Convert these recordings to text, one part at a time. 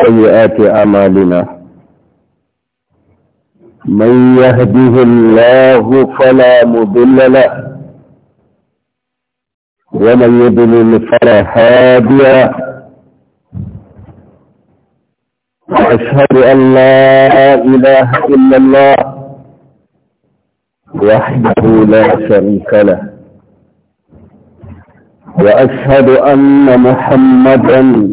سيئات أعمالنا من يهده الله فلا مضل له ومن يضلل فلا هادي له وأشهد أن لا إله إلا الله وحده لا شريك له وأشهد أن محمدا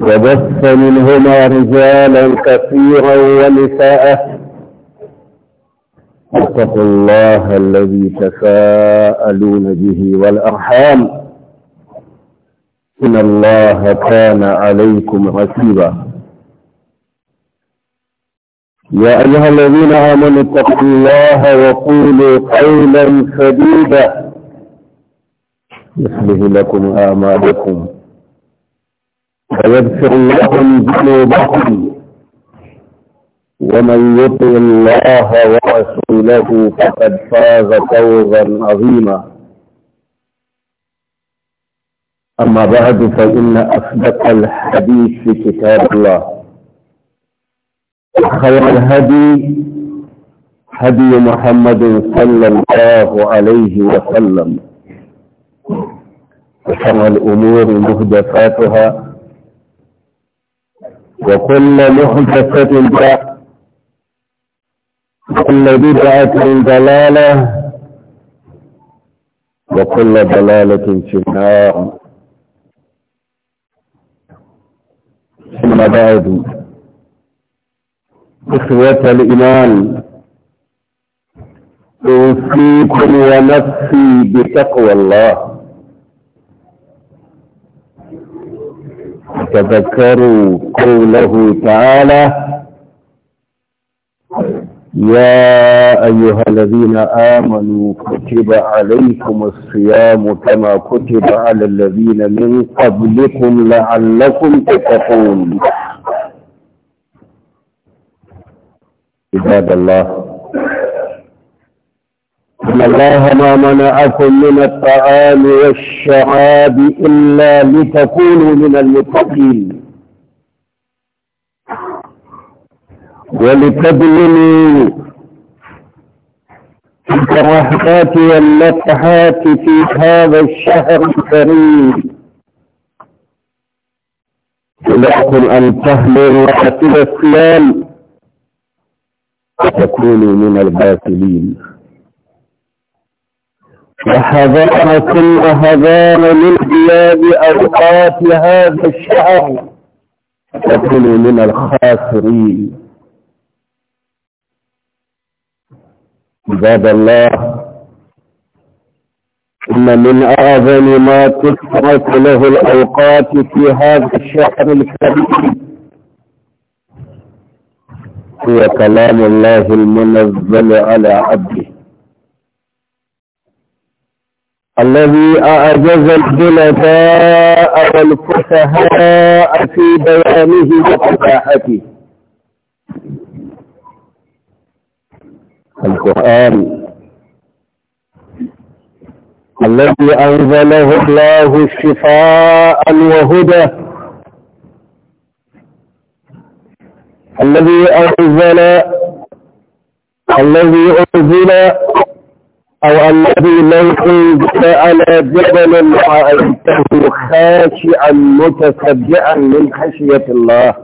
وبث منهما رجالا كثيرا ونساء اتقوا الله الذي تساءلون به والارحام ان الله كان عليكم رسيبا يا ايها الذين امنوا اتقوا الله وقولوا قولا سديدا يصلح لكم اعمالكم ويغفر لهم ذنوبهم ومن يطع الله ورسوله فقد فاز فوزا عظيما اما بعد فان اصدق الحديث في كتاب الله خير الهدي هدي محمد صلى الله عليه وسلم وشر الامور محدثاتها وكل محدثة بدعة وكل بدعة ضلالة وكل ضلالة في النار ثم بعد إخوة الإيمان أوصيكم ونفسي بتقوى الله تذكروا قوله تعالى يا أيها الذين آمنوا كتب عليكم الصيام كما كتب على الذين من قبلكم لعلكم تتقون عباد الله إن الله ما منعكم من الطعام والشعاب إلا لتكونوا من المتقين ولتبلغوا تلك الرحمات والنفحات في هذا الشهر الكريم لكم أن تهملوا حتى الإسلام وتكونوا من الباطلين وحضانة من للبلاد أوقات هذا الشهر تكون من الخاسرين عباد الله إن من أعظم ما تكثرت له الأوقات في هذا الشهر الكريم هو كلام الله المنزل على عبده الذي أعجز الجلداء والفسهاء في بيانه وفتاحته القرآن الذي أنزله الله شفاء وهدى الذي أنزل الذي أنزل أو الذي لو على جبل رأيته خاشعا متسبعا من خشية الله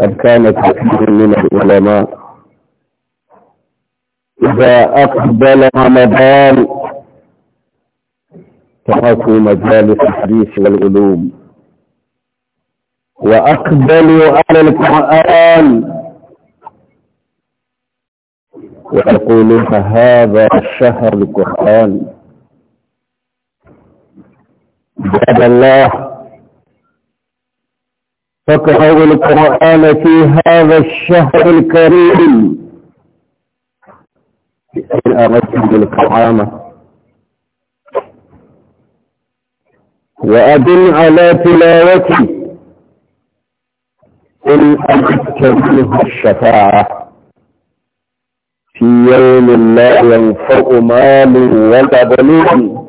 قد كانت كثير من العلماء إذا أقبل رمضان تركوا مجالس الحديث والعلوم وأقبلوا على القرآن ويقولون فهذا الشهر القرآن عباد الله فاقرأوا القرآن في هذا الشهر الكريم إن أردتم بالكرامة وأدل على تلاوتي إن أردت منه الشفاعة في يوم لا ينفع مال ولا بنون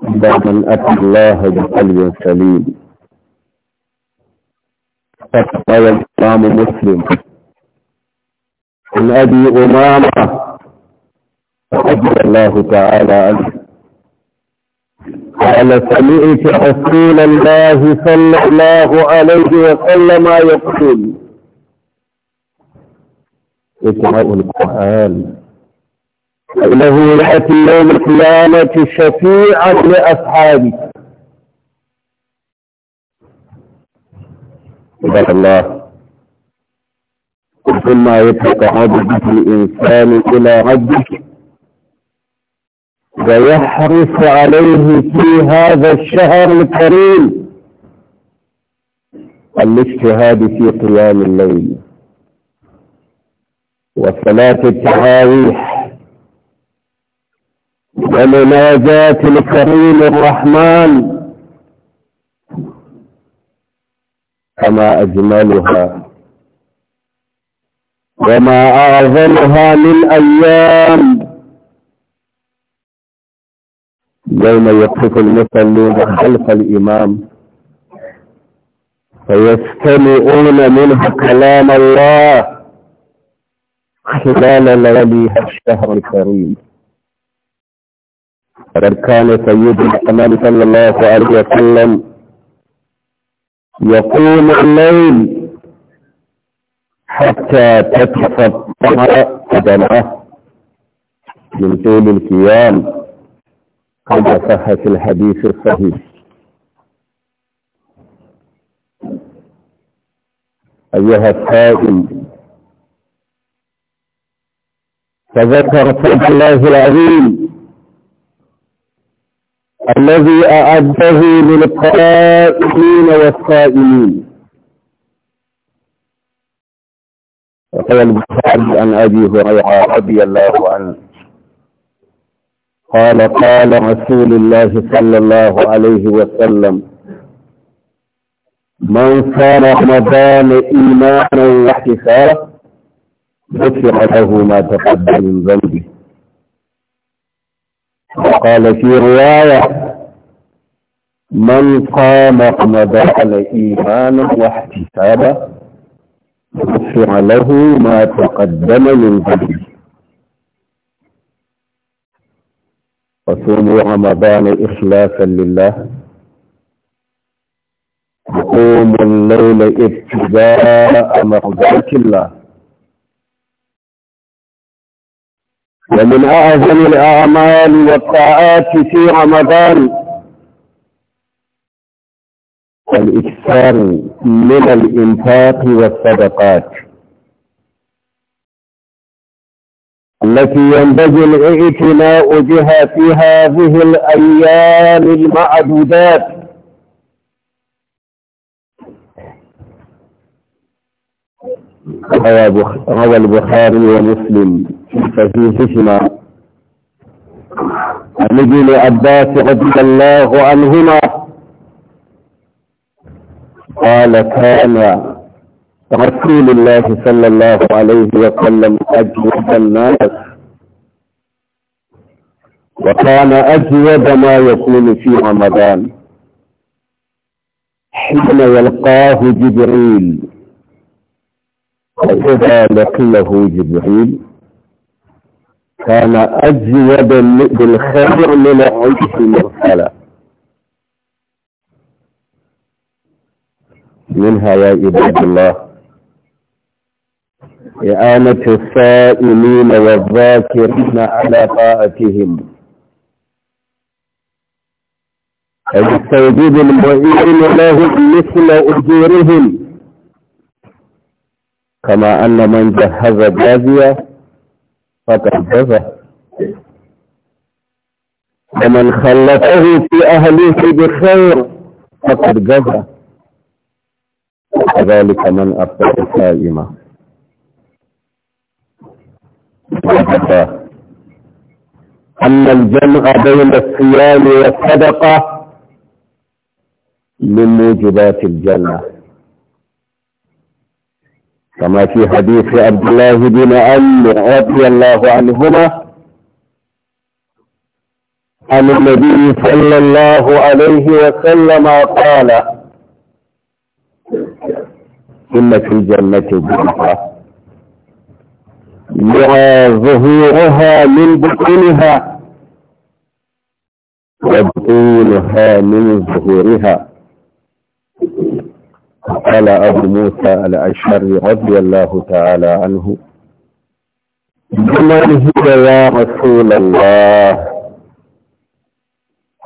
من أتى الله بقلب سليم فقال الإمام مسلم عن أبي أمامة رضي الله تعالى عنه قال سمعت رسول الله صلى الله عليه وسلم يقول إقراء القرآن إنه يأتي يوم القيامة شفيعا لأصحابه عباد الله ثم يتقرب به الإنسان إلى ربه ويحرص عليه في هذا الشهر الكريم الاجتهاد في قيام الليل وصلاة التراويح ومناجاة الكريم الرحمن كما أجملها وما أعظمها من أيام يوم يقف المصلون خلف الإمام فيستمعون منه كلام الله خلال ليالي الشهر الكريم فقد كان سيد الأمان صلى الله عليه وسلم يقوم الليل حتى تتفطر قدمه من طول القيام كما صح في الحديث الصحيح أيها السائل فذكر فضل الله العظيم الذي أعده للقائمين والصائمين وقال البخاري عن أبي هريرة رضي الله عنه قال قال رسول الله صلى الله عليه وسلم من صار رمضان إيمانا واحتسابا غفر له ما تقدم من ذنبه وقال في رواية من قام ودخل إيمانا واحتسابا غفر له ما تقدم من ذنبه وصوموا رمضان إخلاصا لله وقوموا الليل ابتداء مرضات الله ومن أعظم الأعمال والطاعات في رمضان الإكثار من الإنفاق والصدقات التي ينبغي الاعتناء بها في هذه الأيام المعدودات روى البخاري ومسلم ففيهما عن ابن عباس رضي الله عنهما قال كان رسول الله صلى الله عليه وسلم أجود الناس وكان أجود ما يكون في رمضان حين يلقاه جبريل فإذا لقيه جبريل كان أجود بالخير من عيش المرسلة منها يا عباد الله إعانة الصائمين والذاكرين على طاعتهم أجسد المعين لهم مثل أجورهم كما أن من جهز جازية جزى ومن خلفه في أهله بخير فقد جزى وكذلك من أفتى سائمة أن الجمع بين الصيام والصدقة من موجبات الجنة كما في حديث عبد الله بن عمرو رضي الله عنهما عن النبي صلى الله عليه وسلم قال إن في الجنة بنتا يرى ظهورها من بطونها وبطونها من ظهورها قال أبو موسى الأشعري رضي الله تعالى عنه بمن هي يا رسول الله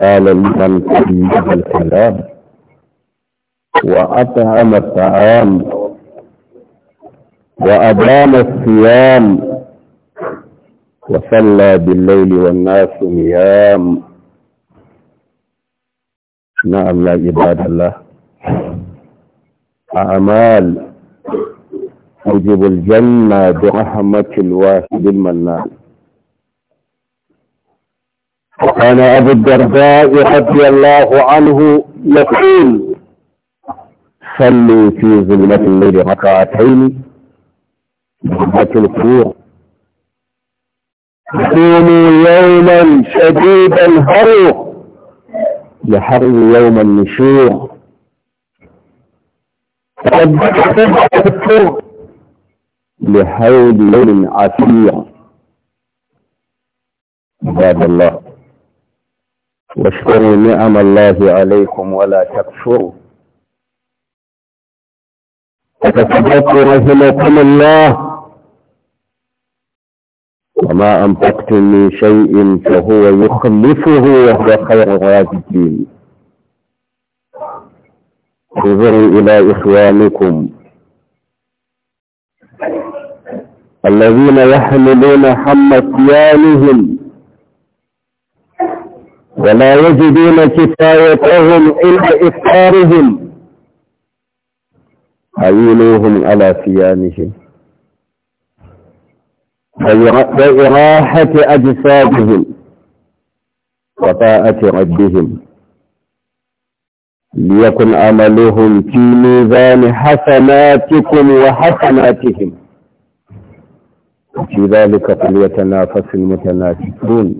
قال لمن تجيب الكلام وأطعم الطعام وأدام الصيام وصلى بالليل والناس نيام نعم يا عباد الله أعمال أجب الجنة برحمة الواحد المنان وكان أبو الدرداء رضي الله عنه يقول صلوا في ظلمة الليل ركعتين ظلمة الكوع كونوا يوما شديد الهرو لحر يوم النشور لحول الطرق لحول عباد الله واشكروا نعم الله عليكم ولا تكفروا فتتذكروا رحمكم الله وما أنفقتم من شيء فهو يخلفه وهو خير الرازقين انظروا إلى إخوانكم الذين يحملون حم صيامهم ولا يجدون كفايتهم إلا إفطارهم عينوهم على صيامهم وإراحة أجسادهم وطاعة ربهم ليكن عملهم في ميزان حسناتكم وحسناتهم في ذلك فليتنافس المتنافسون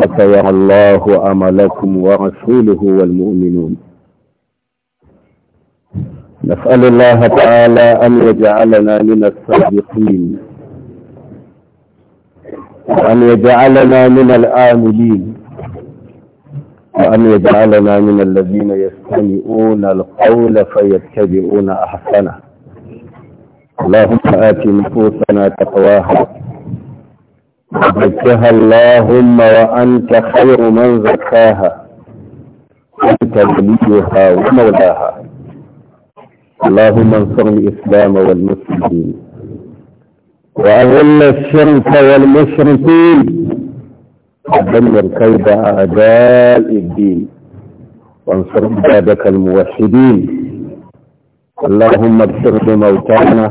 حتى يرى الله عملكم ورسوله والمؤمنون نسأل الله تعالى أن يجعلنا من الصادقين وأن يجعلنا من الآملين وأن يجعلنا من الذين يستمعون القول فيتبعون أحسنه اللهم آت نفوسنا تقواها وزكها اللهم وأنت خير من زكاها أنت وليها ومولاها اللهم انصر الإسلام والمسلمين وأذل الشرك والمشركين ودمر كيد أعداء الدين وانصر عبادك الموحدين اللهم اغفر لموتانا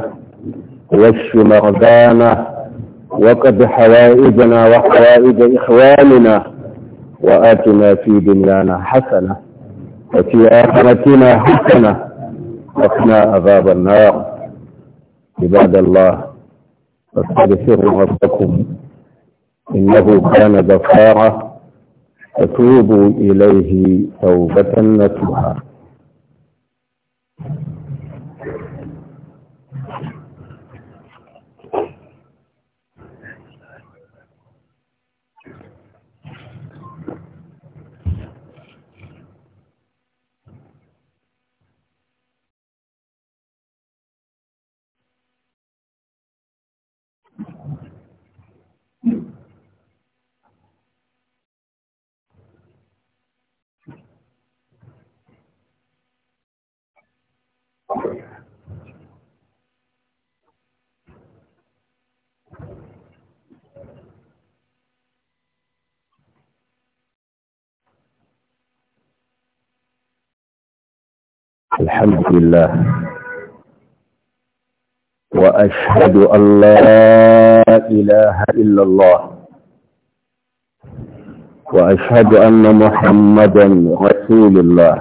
واشف مرضانا وقد حوائجنا وحوائج إخواننا وآتنا في دنيانا حسنة وفي آخرتنا حسنة وقنا عذاب النار عباد الله فاستغفروا ربكم إنه كان غفارا فتوبوا إليه توبة نتوها الحمد لله وأشهد أن لا إله إلا الله وأشهد أن محمدا رسول الله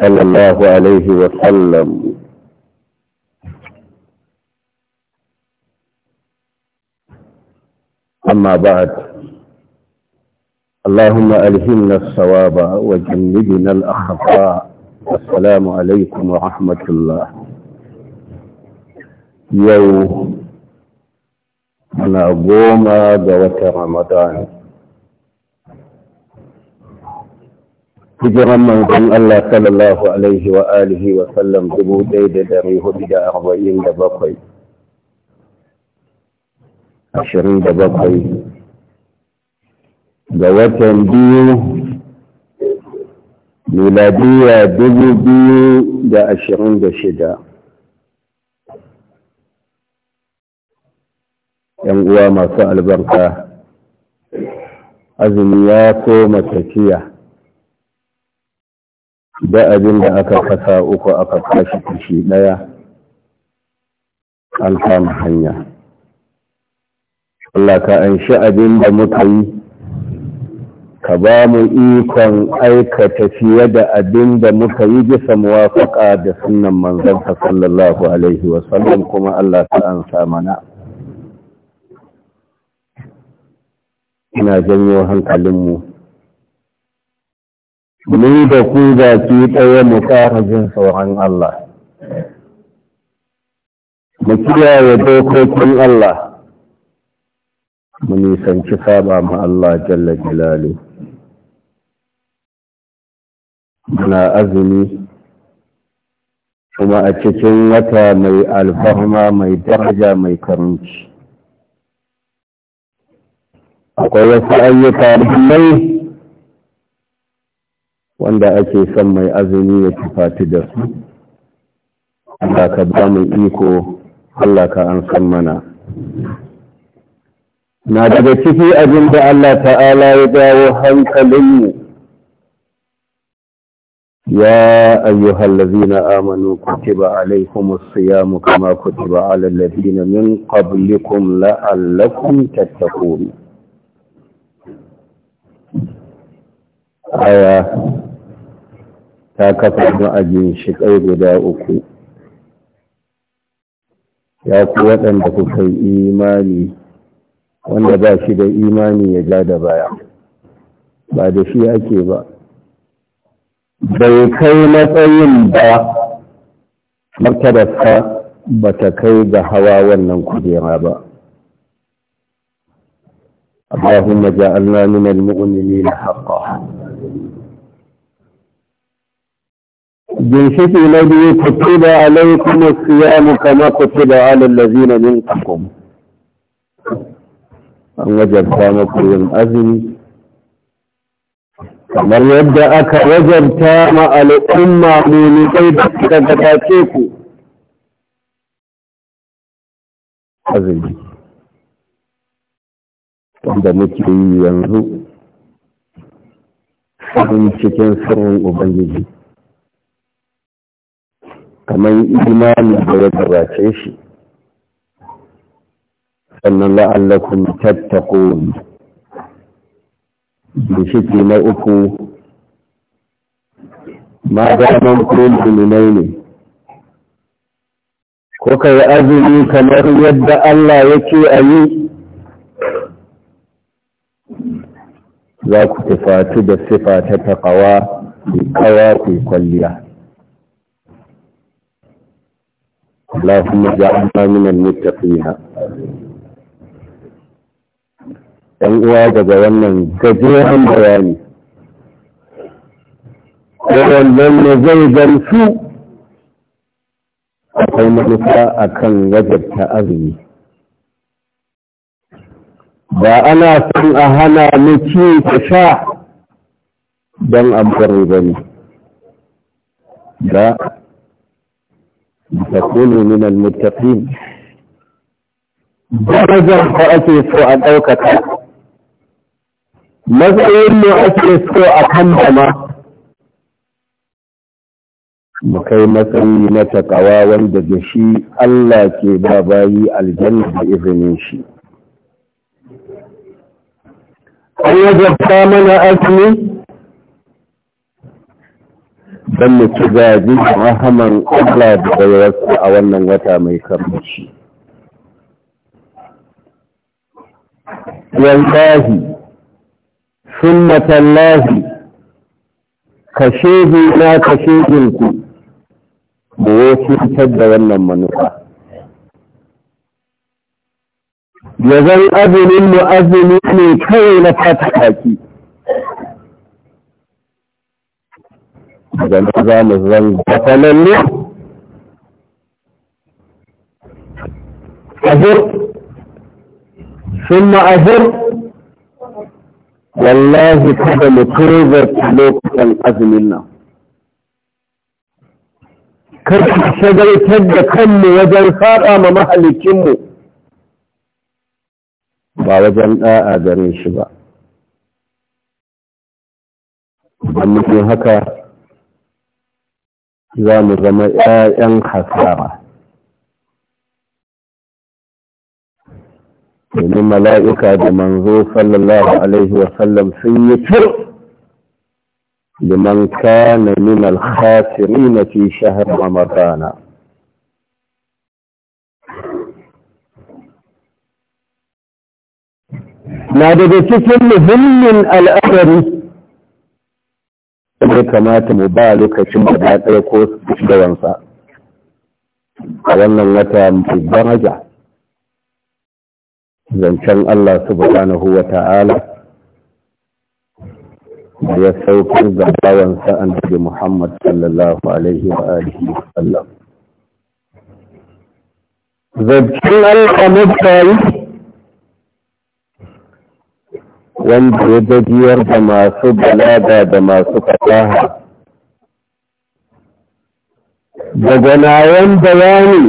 صلى الله عليه وسلم أما بعد اللهم ألهمنا الصواب وجنبنا الأخطاء السلام عليكم ورحمة الله يوم أنا قوما قوة رمضان hijiran manzon Allah sallallahu Alaihi wa alihi wa sallam dubu ɗaya da dari hudu da arba'in da bakwai, ashirin da bakwai ga watan biyu miladiya dubu biyu da ashirin da shida yan uwa masu albarka azumi ya koma tafiya da abin da aka kasa uku aka kashi kashi ɗaya an kama hanya Allah ka an abin da muka yi ka ba mu ikon aikata fiye da abin da muka yi bisa muwafaka da sunan manzanka sallallahu alaihi wa sallam, kuma Allah ta sa mana ina janyo hankalinmu ni da ku baki ɗaya mu ƙara jin sauran Allah mu kiyaye dokokin Allah mu nisanci saba ma Allah jalla jalalu muna azumi kuma a cikin wata mai alfahma mai daraja mai karunci akwai wasu ayyuka mai wanda ake son mai azumi ya tufati da su Allah ka ba mu iko Allah ka an san mana na daga ciki abinda Allah ta'ala ya gawo hankalinmu ya ayyuhallazina amanu kutiba alaikumus siyamu kama kutiba alal ladina min qablikum la'allakum tattaqun aya ta kafa ma'ajin shi kai guda uku ya ku waɗanda kuka yi imani wanda ba shi da imani ya ja da baya ba da shi ake ba bai kai matsayin ba martararsa ba ta kai ga hawa wannan kujera ba allahumma ja allah min al-mu'minin na haka ginshiki na biyu kutuba alaikum as-siyam kama kutuba ala allazina min qablikum an wajarta maku yin azumi kamar yadda aka wajarta ma al'umma kai da suka gatace ku azumi wanda muke yi yanzu sun cikin sirrin ubangiji kamar imani da ya gabace shi sannan la'allakum tattaqun bishiki na uku ma daman kun muminai ne ko yi azumi kamar yadda Allah yake a yi za ku tufatu da sifa ta ku kawa ku kwalliya اللهم اجعلنا من المتقين ‘yan uwa daga wannan gajeren bayani. Wannan ne zai gamsu akwai manufa a kan wajabta azumi. Ba ana son a hana ni ci sha don amfani ba ne. Ba, ta kone minan mutafin. Darajar ake so a ɗaukaka matsayin ne ake so a kan dama mu kai matsayi na takawa wanda da shi Allah ke ba bayi aljanna da izinin shi an wajabta mana azumi don mu ci gaji rahaman Allah da bayarwarsa a wannan wata mai karmashi. Yankahi سنة الله لا ما خشيه بوشي سد ولا منوعة يزن أذن المؤذن إني كين فتحك إذا نظام الظن بطلا لي أذر ثم أذر wallahi kada mu turzarta lokutan azumin nan kar shagaltar da kanmu wajen saba ma mahalicinmu ba wajen ɗa'a gare shi ba idan mutum haka za mu zama 'ya'yan hasara domin mala'ika da manzo sallallahu alaihi wasallam sun yi tur liman kana min alhatsiri na fi shahar ramadana na daga cikin muhimmin al'adari da kamata mu ba lokacin da ɗaya ko da wansa a wannan wata mai daraja zancen Allah subhanahu wa ta'ala da ya saukar ga sa’an da Muhammad sallallahu alaihi wa alihi wa sallam zancen Allah mutane wanda ya dajiyar da masu balada da masu fasaha daga yan bayani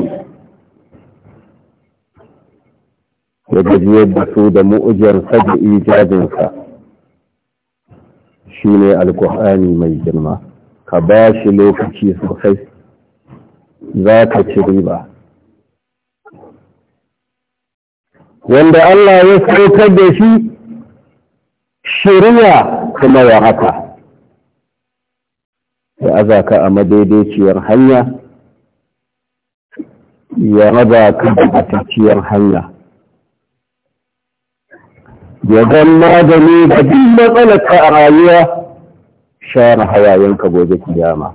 ya gajiyar da su da mu'ujiyar da ijadinsa shi ne alkuhani mai girma ka ba shi lokaci sosai za ka ci riba wanda Allah ya saukar da shi shirya kuma ya haka ya azaka a madaidaiciyar hanya ya raba ka da hanya ya zama da ni da duk matsalarka a rayuwa share hayayenka gobe kiyama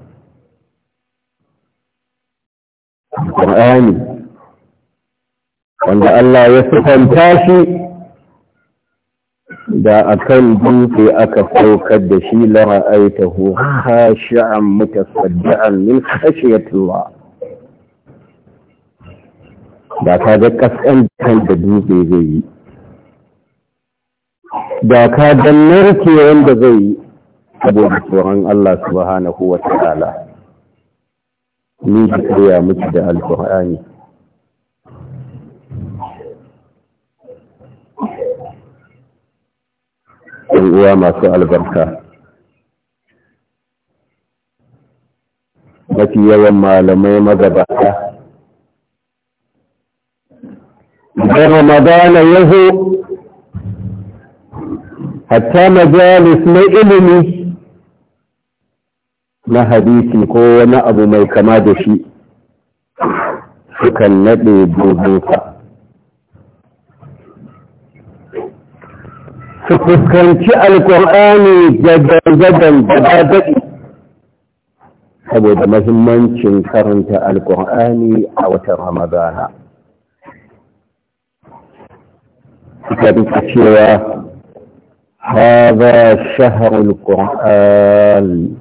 Qur'ani wanda Allah ya sifanta shi da akan dutse aka saukar da shi lara'aitahu khashi'an mutasaddian min khashiyatillah da ka ga kaskan da dutse zai yi da ka dannar ke wanda zai yi da tsoron Allah subhanahu wa ta'ala ni ji koya miki da alfahari in uwa masu albarka mafi yawan malamai magabata da ramadana ya zo حتى مجالس ما إلمي ما حديثي كو ما أبو ما يكماد شيء شكا النبي بوضوطا شاء القرآن جدا جدا جدا جدا saboda mahimmancin karanta alkur'ani القرآن watan ramadana. Ita duk cewa هذا شهر القرآن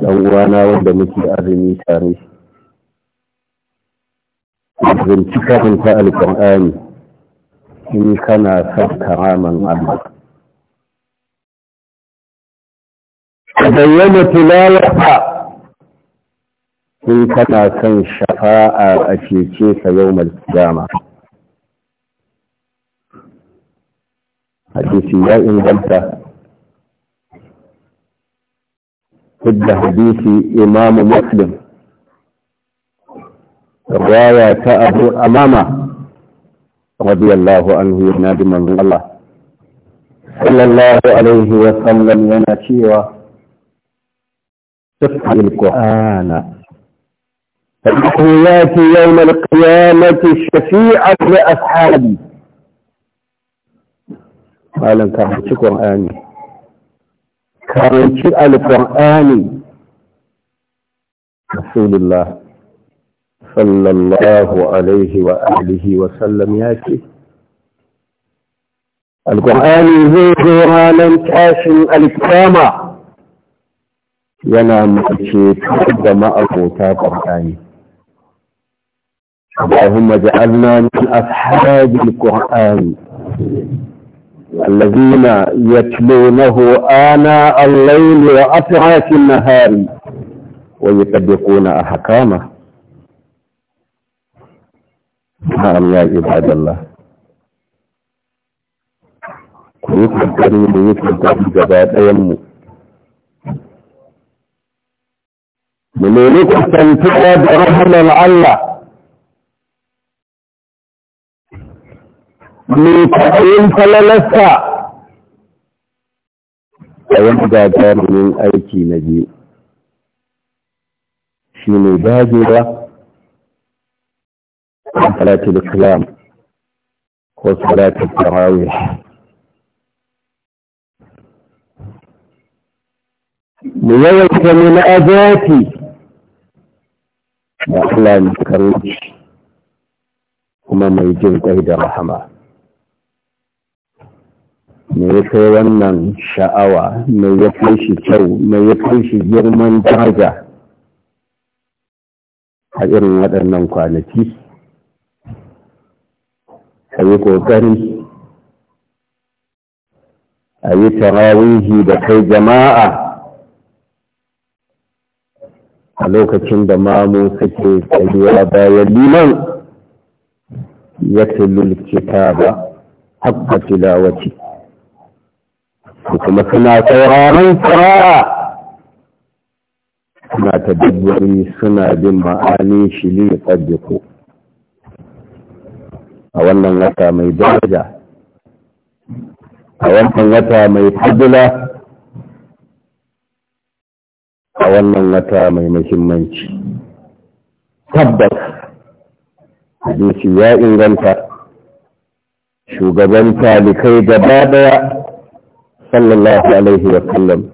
لو أنا ودمتي أرمي تاريخ من شكر كتاب القرآن إن كان أسف كراما عبد لا تلالك إن كان أسف شفاء أشيكيك يوم القيامة حديثي يا إن قلت هدى حديثي إمام مسلم رواية أبو أمامة رضي الله عنه يبنى بمن الله صلى الله عليه وسلم ونشيوة تفعل القرآن فالحياة يوم القيامة الشفيعة لأصحابي malam ka hanci ƙur'ani karanci alƙur'ani rasulullah sallallahu alaihi wa alihi wa sallam ya ce alƙur'ani zai zo ranar tashin alƙiyama yana mace da ma'abota ƙur'ani اللهم اجعلنا من أصحاب القرآن الذين يتلونه آناء الليل وأطراف النهار ويطبقون أحكامه نعم يا عباد الله كنت أكرم بيكم قبل جبات أيامه منين كنت أنتقد رحمة الله mai kaɗayin falalarsa a wani gagarumin aiki na biyu shi ne dajewa a salatul kalam ko salatul tarawih mu yawaita mu na azati da Allah mai karanci kuma mai jin kai da rahama me ya kai wannan sha'awa me ya kai shi kyau mai ya kai shi girman daraja a irin waɗannan kwanaki a yi ƙoƙari a yi tarawihi da kai jama'a a lokacin da mamu suke tsayuwa bayan liman ya tilul kitaba haƙƙa tilawati Ku kuma suna sauraron kira'a suna ta tadabburi suna bin ma'ani shi ne ku a wannan wata mai daraja a wannan wata mai fadila a wannan wata mai muhimmanci tabbas hadisi ya inganta shugaban talikai gaba daya صلى الله عليه وسلم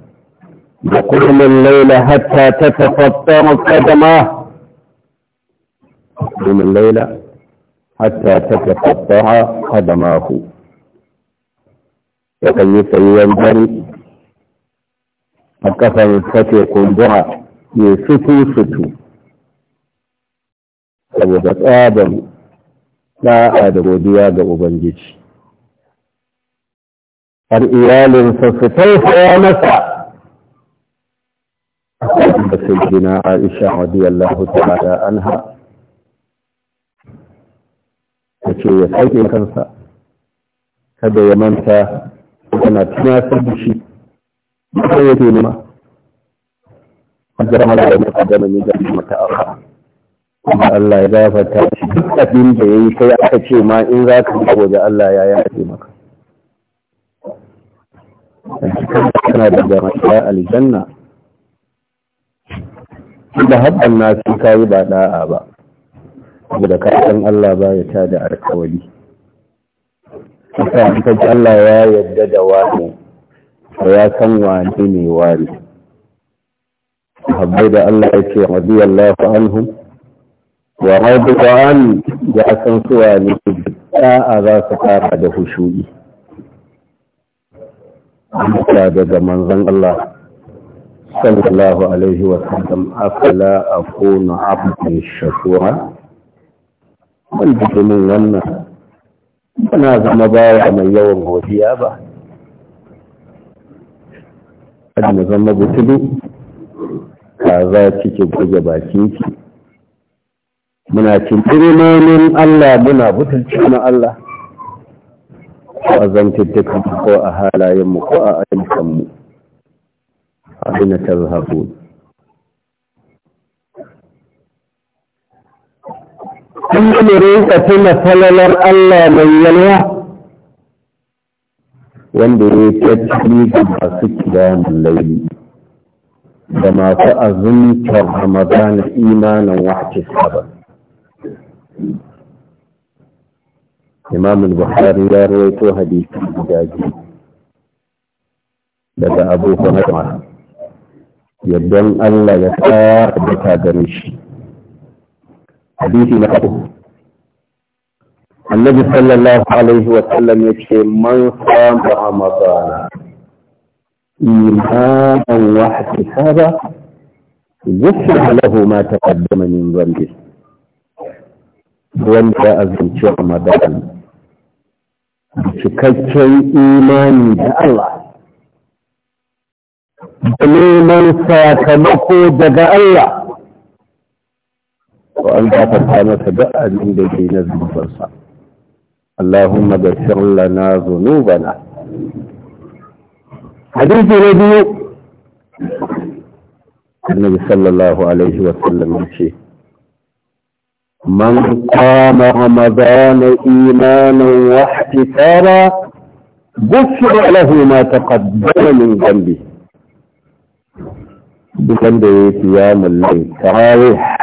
يقوم الليل حتى تتفطر قدماه يقوم الليل حتى تتقطع قدماه yakan yi tsayuwar dare a kafar kafe kumbura ya sutu-sutu saboda tsabar ɗa'a da godiya ga ubangiji الإيال فسوف ونفع سيدنا عائشة رضي الله تعالى عنها تشي سيدي كنسا هذا يمنسا أنا تناسى بشي سيدي نما أجرم الله أن يقدم من ذلك متأخر الله إذا فتح دكة من جيش يأتي ما إن ذاك الله يأتي مكان aljanna da haɗin na sun kayi ba ɗa'a ba da kasan Allah ba ya tada alkawali kasan kaji Allah ya yadda da wani ya san wani ne wani habbai da Allah ya ce an hun. wa radu an ya san su wani ɗa'a za su fara da hushu'i. amsa daga manzon Allah sallallahu alaihi wa sallam afala akuna abdan shakura ban jimin wannan bana zama baya mai yawan godiya ba kada mu zama butulu ka za kike goge bakin ki muna cin tirimanin Allah muna butulci na Allah a zantuttukan ko a halayenmu ko a ayyukanmu abin ta zahabu kun yi rinka tuna falalar Allah mai yalwa wanda ya tattali da masu kiyamun layi, da masu azumtar ramadana imanin wahce sabon إمام البخاري يا رويتو حديث الحجاج لدى أبو هريرة يدن الله يسار بك دمش حديثي نحو النبي صلى الله عليه وسلم يشهد من صام رمضان واحد واحتسابا غفر له ما تقدم من ذنبه wanda ya azurci wa madadin cikakken imani da Allah da neman sakamako daga Allah wa an zafarta mata da abin ke na zubarsa Allahumma da shirla na zunubana hadisi na biyu annabi sallallahu alaihi ya ce من قام رمضان إيمانا واحتسابا غفر له ما تقدم من ذنبه بذنب قيام الليل تراويح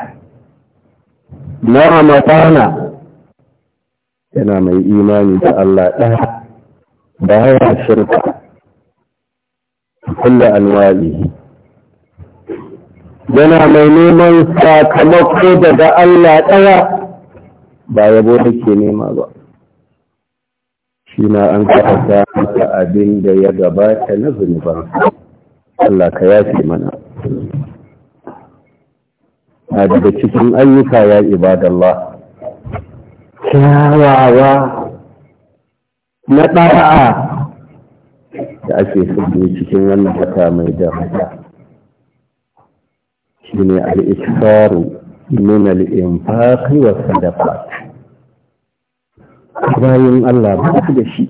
na ramadana yana mai imani da Allah ɗaya ba ya shirka kulle alwali yana mai neman sakamako daga Allah ɗaya ba yabo take nema ba shi na an kafa masa abin da ya gabata na zunuban Allah ka yafi mana a daga cikin ayyuka ya ibadallah kyawawa na ɗaya? da ake sun cikin wannan haka mai damata shine al-iksaru min al wa sadaqat bayan Allah ba su da shi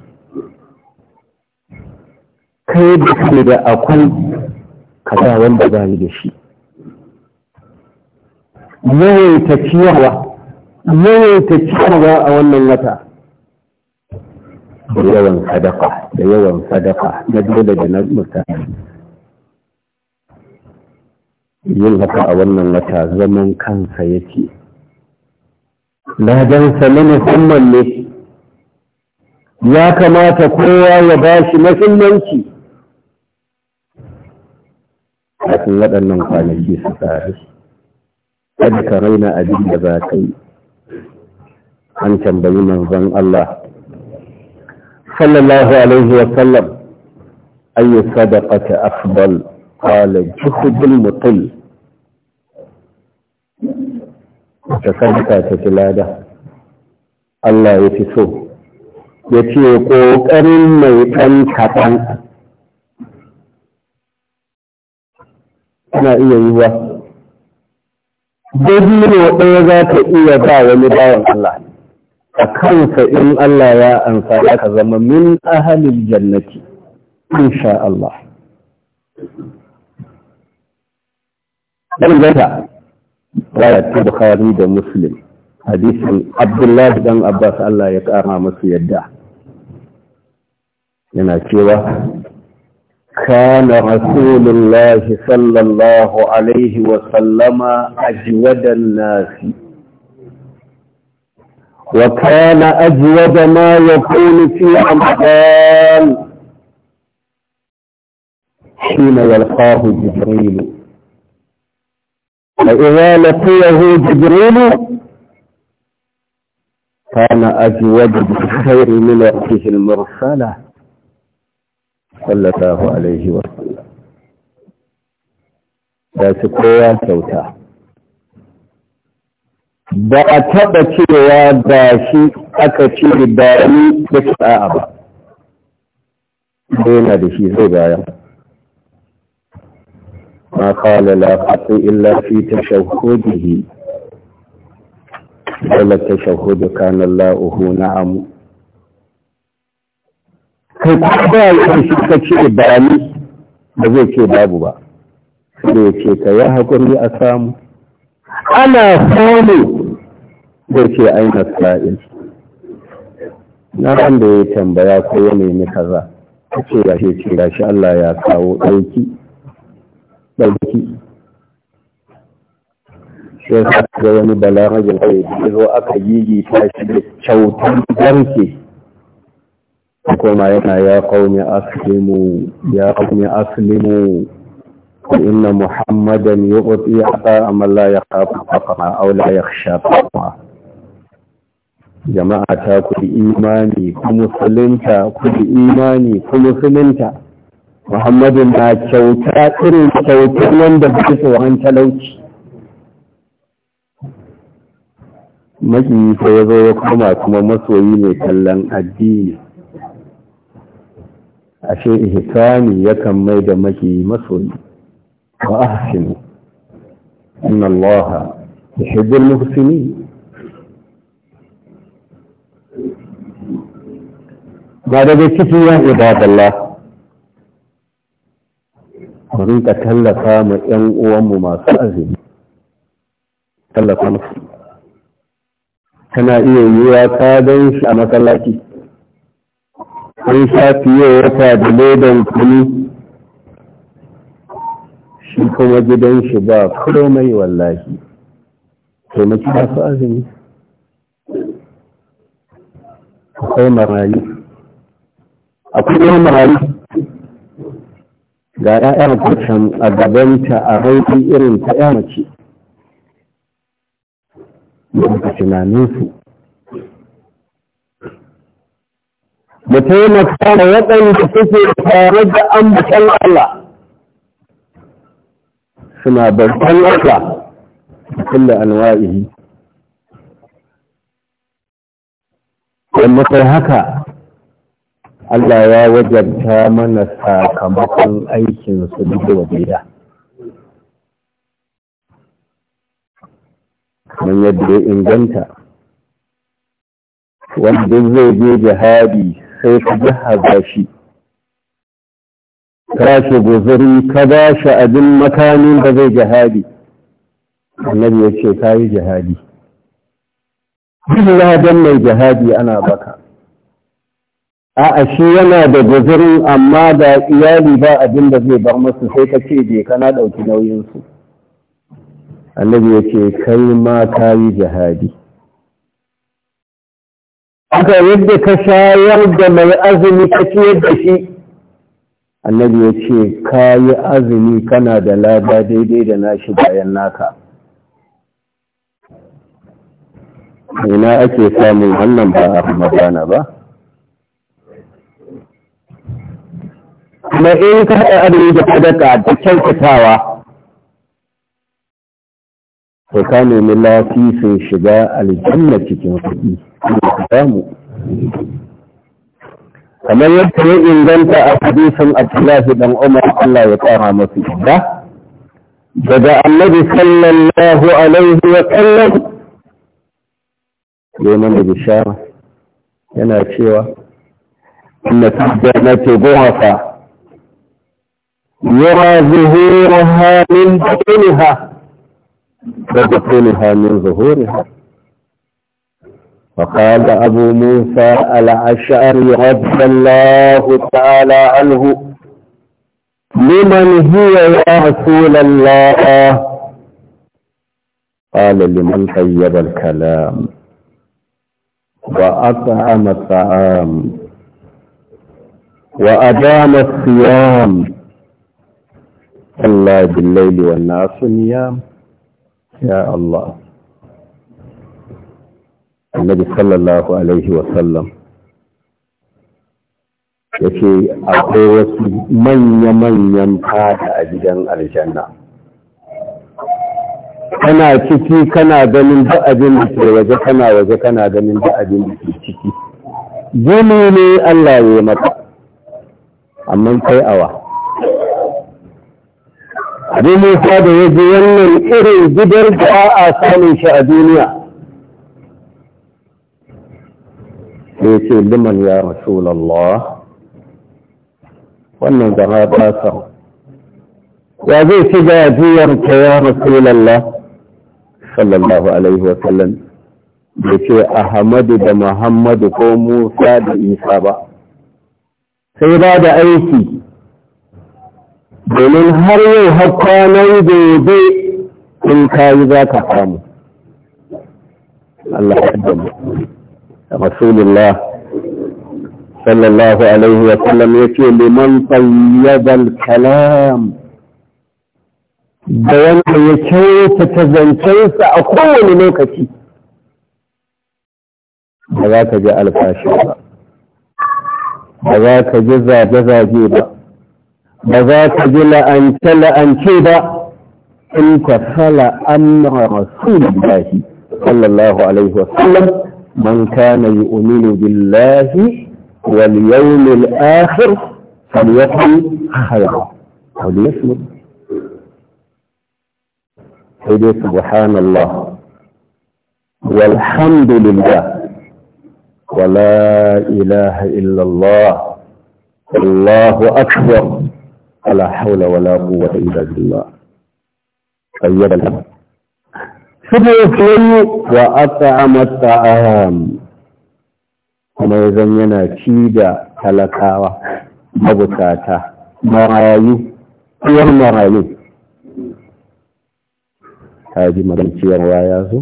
kai da kai da akwai kaza wanda ba ni da shi ta ciyarwa ta ciyarwa a wannan wata da yawan sadaka da yawan sadaka na dole da na mutane yin haka a wannan wata zaman kansa yake ladansa na musamman ne ya kamata kowa ya ba shi mahimmanci cikin waɗannan kwanaki su tsari kada ka raina abin da za ka yi an tambayi manzon Allah sallallahu alaihi wa sallam ayyu sadaqata afdal قال جهد mutum ta tilada Allah ya fi so ya ce ƙoƙarin mai ɗan kaɗan ana iya yi wa dabino ɗaya za ta iya ba wani bawan Allah a kansa in Allah ya ansa aka zama min ahalin jannati insha Allah dan ganta waya ta bukhari da muslim hadisin abdullahi dan abbas Allah ya kara masu yadda yana cewa كان رسول الله صلى الله عليه وسلم أجود الناس وكان أجود ما يكون في رمضان حين يلقاه جبريل فإذا لقيه جبريل كان أجود بالخير من المرسلة صلى الله عليه وسلم da su kowa kyauta ba a taɓa cewa ba shi aka ce da ni da ba yana da shi zai bayan ما قال لا قط إلا في تشهده ولا التشهد كان الله نعم kai ba ya yi ka ce Ibrahim ba zai ce babu ba da ya ce ka yi haƙuri a samu ana samu zai ce aina sa'il na wanda ya tambaya ko ya nemi kaza ta ce gashi ce Allah ya kawo ɗauki ɗauki shi ya ga wani balarajin kai da zo aka yi ta shi da kyautar garke kuma yana ya kauni aslimu ya kauni aslimu inna muhammadan yuqti ata amal la yakhafu faqama aw la yakhsha faqama jama'a ta ku imani ku musulunta ku imani ku musulunta muhammadu na kyauta irin kyauta wanda bai tsoron talauci makiyi sai ya zo ya koma kuma masoyi mai kallon addini ashe ihsani yakan mai da makiyi masoyi wa ahsinu inna allaha yuhibbul muhsinin ba daga ciki ya ibadallah mu rinka tallafa ma 'yan uwanmu masu azumi tallafa musu tana iya yiwa ta don shi a matsalaki an sha fiye wata da ledan kuni shi kuma gidan shi ba komai wallahi taimaki masu azumi akwai marayu akwai marayu ga 'ya'yan kusan a gabanta a rauki irin ta 'ya mace da tunaninsu mu taimaka da waɗanda suke tare da ambatan Allah suna bautan Allah da kulle anwa'ihi don makai haka Allah ya wajabta mana sakamakon ai aikinsu duk waje da kamar yadda ya inganta wanda zai je jihadi sai ka jihaza shi ka shi guzuri ka ba shi abin makamin da zai jihadi annabi ya ce ka yi jihadi duk ladan mai jihadi ana baka a'a shi yana da guzurin amma da iyali ba abin da zai bar musu sai ka ce je kana ɗauki nauyinsu annabi ya ce kai ma ka yi jihadi aka yadda ka shayar da mai azumi ka ciyar da shi annabi ya ce ka yi azumi kana da lada daidai da nashi bayan naka ina ake samun wannan ba a ba kuma in ka haɗa adalci da sadaka da kyautatawa to ka nemi lafifin shiga aljanna cikin kuɗi ka samu kamar yadda ya inganta a hadisin Abdullahi dan Umar Allah ya kara masu yadda daga annabi sallallahu alaihi wa sallam neman da bishara yana cewa inna fi jannati ghurafa يرى ظهورها من بطنها وبطنها من ظهورها فقال أبو موسى الأشعري رضي الله تعالى عنه لمن هي يا رسول الله قال لمن طيب الكلام وأطعم الطعام وأدام الصيام صلى بالليل والناس نيام يا الله النبي صلى الله عليه وسلم yake akwai wasu manya-manyan fata a gidan aljanna kana ciki kana ganin duk abin da ke waje kana waje kana ganin duk abin da ke ciki gini ne Allah ya maka amma kai awa abin musa da ya ji wannan irin gidan da a samun shi a duniya sai ce liman ya rasulallah wannan zama ba sa ya zai ci gajiyar ta ya rasulallah sallallahu alaihi wa wasallam da ce Ahmadu da muhammadu ko musa da isa ba sai ba da aiki domin har yau har kwanan gobe in kayi za ka samu Allah da rasulullah sallallahu alaihi wa sallam yace liman tayyibal kalam da wanda ya ta zancensa a kowane lokaci ba za ka ji alfashi ba ba za ka ji zage-zage ba ba za ka ji la'ance ba in ka sala amra rasulillahi sallallahu alaihi wasallam man kana yu'minu billahi wal yawmil akhir falyakun khayran aw liyasmut sai dai subhanallah والحمد لله ولا إله إلا الله الله أكبر haula wala quwwata illa billah بالله طيب الحمد wa at'ama ta'am kuma ya yana ci da talakawa mabukata marayu uwar marayu ta ji waya ya zo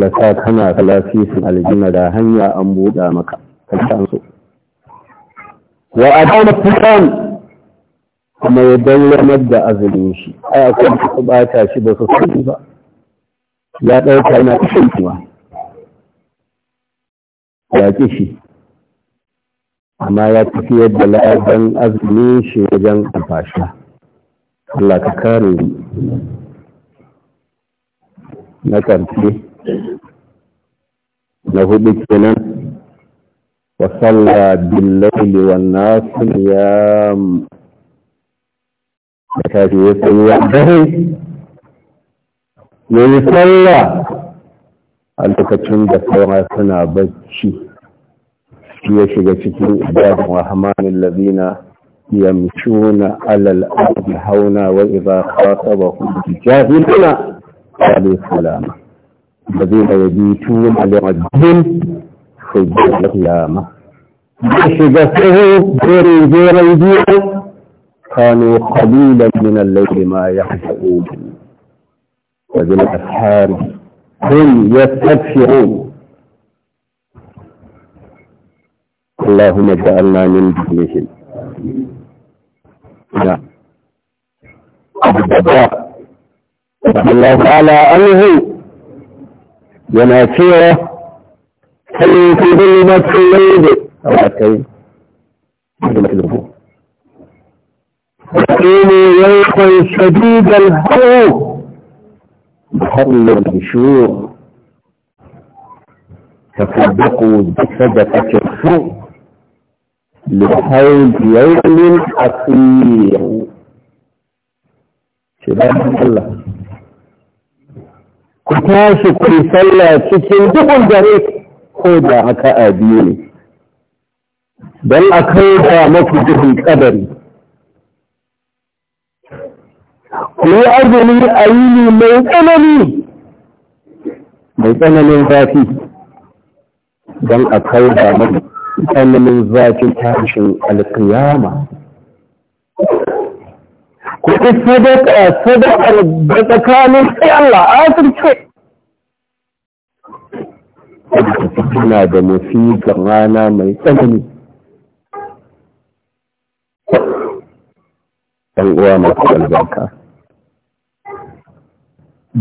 ta kana sun aljina da hanya an buɗa maka kan wa adana fitan kuma ya dallamar da azumin shi ai akwai su bata shi ba su sani ba ya ɗauka yana kishin kuma ya kishi amma ya siyar da la'adan azumin shi wajen amfasha Allah ka kare ni na ƙarfi na hudu kenan وصلى بالليل والناس نيام فكافي يصلي وحده يصلى a lokacin da saura suna barci. ya shiga cikin ibadun rahmanin lazina yamshuna alal ardi hauna wa idza khatabahum jahiluna qalu salama lazina كانوا قليلا من الليل ما يهجعون وبالأسحار هم يستبشرون اللهم اجعلنا من مثلهم نعم الله تعالى عنه يناكيره هل في ظلمة الليل ركعتين ظلمة الوجوه وكينوا يوما شديد الهوى بحر الجشور تصدقوا بصدقة السوء لحول يوم حصير شباب الله كتاشك في صلاة ستين دخل جريك ko da haka a biyu ne don a kai da mafi duhun kadari ku yi azumi a yi ne mai tsanani mai tsananin zafi don a kai da mafi tsananin ta tashin alƙiyama. Kuɗi sadaka sadakar da tsakanin sai Allah a asirce ن ا ده مفيد رانا مي امني الوامك قلبك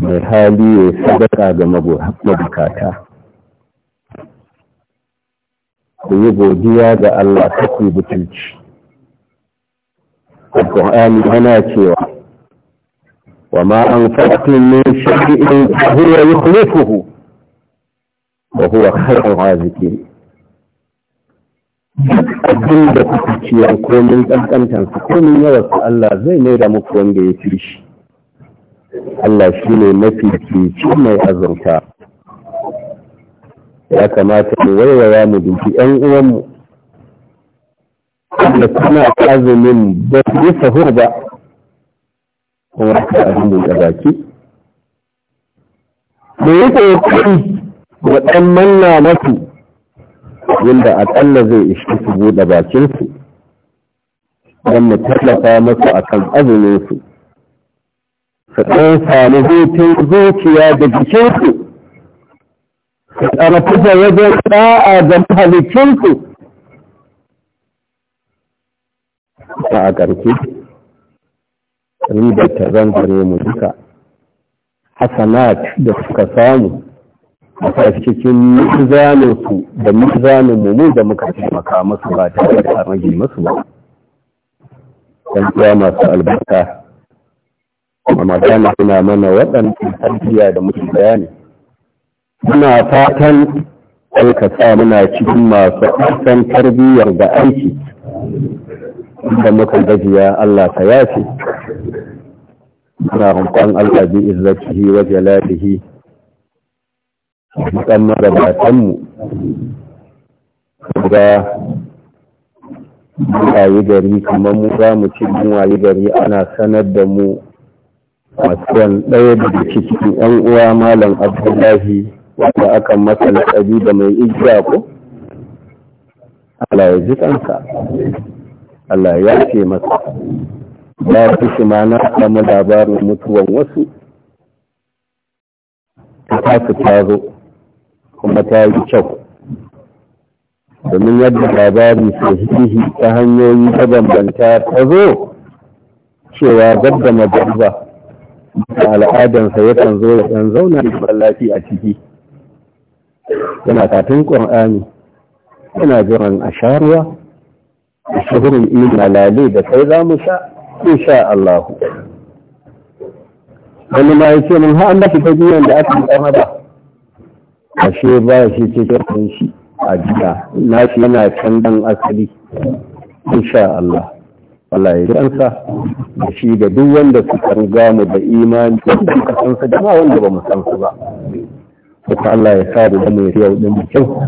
مي هادي صدقه جمبو مبكاتا ويبو ديا ده الله تكوي بتلش القران هنا تيوا وما انفقتم من شيء فهو يخلفه wa huwa khairur raziqin abin da kuka ciyar komin ƙanƙantar su komin yawan su Allah zai mai da muku wanda ya fi shi Allah shi ne mafi fice mai azurta ya kamata mu waiwaya mu dubi ƴan uwanmu da kuna azumin ba su yi sahur ba kuma ta abin da baki mu yi kokari waɗan manna masu yadda aƙalla zai ishi su buɗe bakinsu don mu tallafa masu a kan azuminsu su ɗan samu hutun zuciya da jikinsu su ƙarfi da wajen ɗa'a da mahalicinsu ba a ƙarfi ribar ta zangare mu duka hasanat da suka samu a cikin mizanin su da mizanin mu mu da muka taimaka musu ba tare da rage musu ba dan kuwa masu albarka kuma magana suna mana waɗannan tarbiyya da muke bayani muna fatan ka sa muna cikin masu ƙasan tarbiyyar da aiki Inda muka gajiya Allah ka yafi muna roƙon Allah bi izzatihi wa jalalihi waɗannan magabatanmu ga waye gari kamar mu za mu ci mun gari ana sanar da mu wasan ɗaya daga cikin ‘yan uwa malam abdullahi wanda aka masa laƙabi da mai igiya ko Allah ya ji kansa Allah ya ce masa ba fi shi ma na samu labarin mutuwan wasu ta tafi ta zo kuma ta yi kyau domin yadda labari sahihi ta hanyoyi ta zo cewa gadda madarba da al'adansa yakan zo ya ɗan zauna da lafiya a ciki yana katin ƙur'ani yana jiran a sharuwa, ruwa a shahurin ilalale da kai za mu sha insha Allah wani ma ya ce mun ha'an da fita biyan da aka yi ba ashe ba shi cikin shi a jiya na shi yana can dan asali insha Allah Allah ya sa da shi da duk wanda suka riga mu da imani da suka san su da ma wanda ba mu san su ba kuma Allah ya sa da mu yau din kyau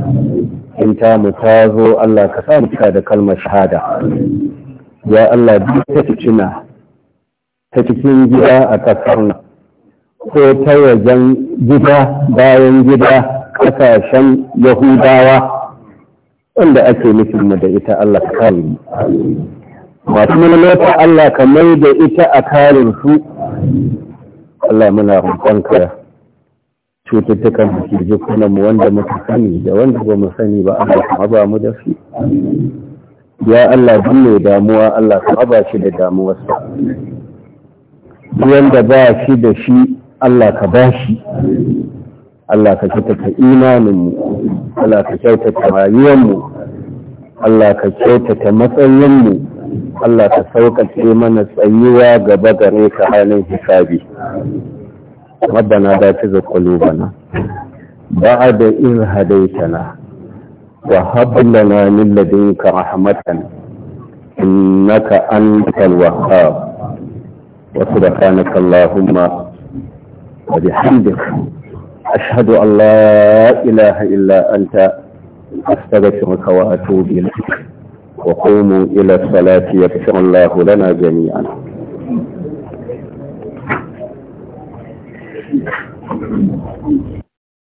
in ta mu ta zo Allah ka sa mu da kalmar shahada ya Allah duk ta tuna ta cikin gida a kasar ko ta wajen gida bayan gida ƙasashen yahudawa wanda ake nufin da ita Allah ka kare masu manamata Allah ka mai da ita a karin su Allah muna roƙonka cututtukan da ke jikunan mu wanda muka sani da wanda ba mu sani ba Allah ka ba mu da su ya Allah duk mai damuwa Allah ka haba shi da damuwarsa duk wanda ba shi da shi Allah ka ba shi Allah ka kyautata imaninmu, Allah ka kyautata rayuwarmu, Allah ka kyautata matsayinmu, Allah ka sauƙaƙe mana tsayuwa gaba gare ka halin hisabi. Rabbana da ci za ku ba a da iri hadaitana, wa habbalana min ladinka rahmatan innaka antal wahhab wa subhanaka allahumma wa bihamdika أشهد أن لا إله إلا أنت أستغفرك وأتوب إليك وقوموا إلى الصلاة يغفر الله لنا جميعا Thank you.